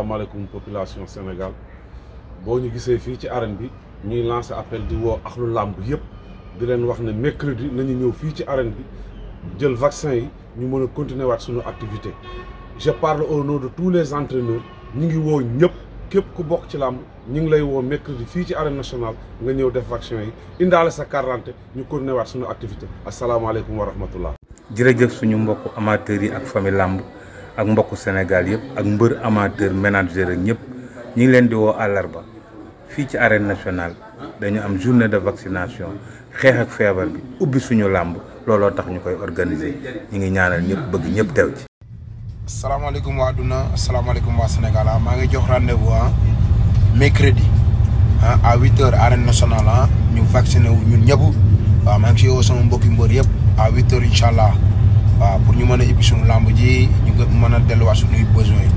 asalaamaaleykum population Sénégal boo ñu gisee fii ci arène bi ñuy lancer appel di woo axlu làmb yëpp di leen wax ne mercredi nañu ñëw fii ci arène bi jël vaccin yi ñu mën a continuer waat suñu activité je parle au nom de tous les entraîneurs ñu ngi woo ñëpp képp ku bokk ci làmb ñu ngi lay woo mercredi fii ci arène national nga ñëw def vaccin yi indaale sa quarante ñu continuer waat suñu activité asalaamaaleykum wa rahmatullah jërëjëf suñu mbokk amateurs yi ak famille làmb ak mbokku Sénégal yëpp ak mbër amateur manager ak ñëpp ñu ngi leen di woo àllarba fii ci arène nationale dañu am journée de vaccination xeex ak feebar bi ubbi suñu làmb looloo tax ñu koy organiser ñu ngi ñaanal ñëpp bëgg ñëpp teew ci. salaamaaleykum waa adduna salaamaaleykum waa Sénégal ah maa ngi jox rendez-vous ah crédit ah à huit heures nationale ah, ñu vacciné wu ñun ñëpp waaw maa ngi si woo mbokki mbër yëpp a huit heures incha allah. waaw pour ñu mën a ibbi suñu làmb ji ñu nga mën a delluwaat suñuy besoin yi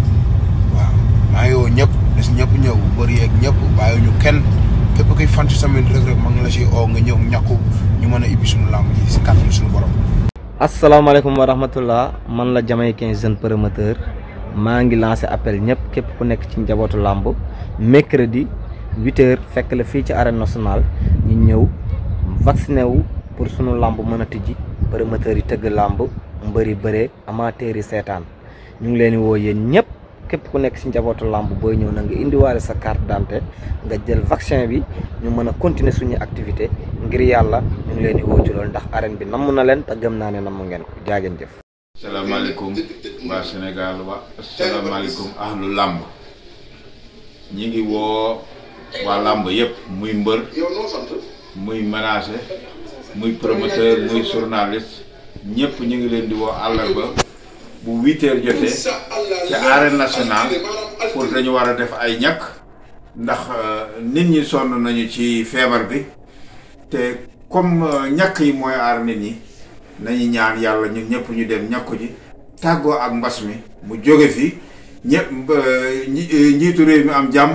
waaw maa ngi woo ñëpp des ñëpp ñëw bëri yeeg ñëpp bàyyi ñu kenn képp kuy fan ci semaine Reug Reug ma la si oo nga ñëw ñàkku ñu mën a ibbi suñu làmb ji si kàttan suñu borom asalaamaaleykum wa rahmatullah man la Jamaïcain jeune promoteur maa ngi lancé appel ñëpp képp ku nekk ci njabootu làmb mercredi huit heures fekk la fii ci arène national ñu ñëw vacciné wu pour sunu làmb mën a tijji promoteur yi tëgg làmb mbëri bëre amateur yi seetaan ñu ngi leen di woo yéen ñëpp képp ku nekk si njabootu làmb booy ñëw na nga indiwaale sa carte d'identité nga jël vaccin bi ñu mën a continuer suñu activité ngir yàlla ñu ngi leen woo ci loolu ndax arène bi namm na leen te gëm naa ne namm ngeen ko jaageen jëf salaamaaleykum waa Sénégal waa salaamaaleykum ahlu làmb ñi ngi woo waa làmb yëpp muy mbër muy manager muy promoteur muy journaliste ñëpp ñu ngi leen di woo àllarba bu huit heures jotee ci arène nationale pour dañu war a def ay ñàkk ndax euh, nit ñi sonn nañu ci feebar bi te comme euh, ñàkk yi mooy aar nit ñi nañu ñaan yàlla ñu ñëpp ñu dem ñakku ji tàggoo ak mbas mi mu jóge fi ñëpp euh, njiitu réew mi am jàmm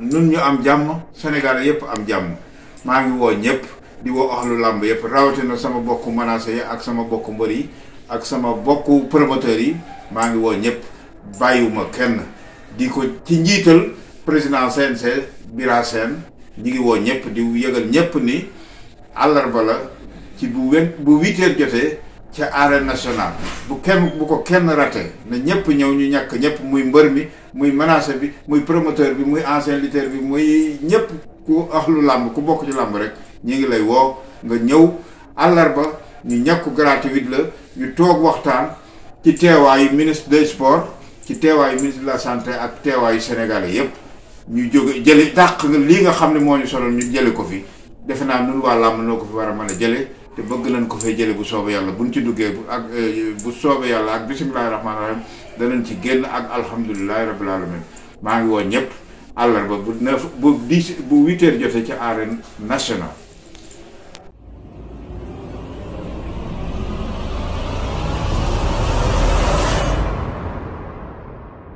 nun ñu am jàmm Sénégal yëpp am jàmm maa ngi woo ñëpp di woo axlu làmb yëpp rawatina sama bokku menacé yi ak sama bokk mbër yi ak sama bokku promoteur yi maa ngi woo ñëpp bàyyiwuma kenn di ko ci njiital président CNC Bira Sène ñi ngi woo ñëpp di yëgal ñëpp ni àllarba la ci bu wen bu huit heures jotee ca arène national bu kenn bu ko kenn rate na ñëpp ñëw ñu ñàkk ñëpp muy mbër mi muy menacé bi muy promoteur bi muy ancien lutteur bi muy ñëpp ku axlu làmb ku bokk ci làmb rek ñu ngi lay woo nga ñëw àllarba ñu ñàkku gratuite la ñu toog waxtaan ci teewaayu ministre des sports ci teewaayu ministre de la santé ak teewaayu sénégalais yépp ñu jóge jële dàq lii nga xam ne moo ñu solo ñu jële ko fi defe naa nun waa làmb noo ko fi war a mën a jële te bëgg nañ ko fay jële bu soobee yàlla bu buñ ci duggee bu ak euh, bu soobee yàlla ak bisimilahi rahmaani rahim danañ ci génn ak alhamdulilahi rabbil alamin maa ngi woon ñëpp àllarba bu neuf bu bu huit heures jotee ci arène nationale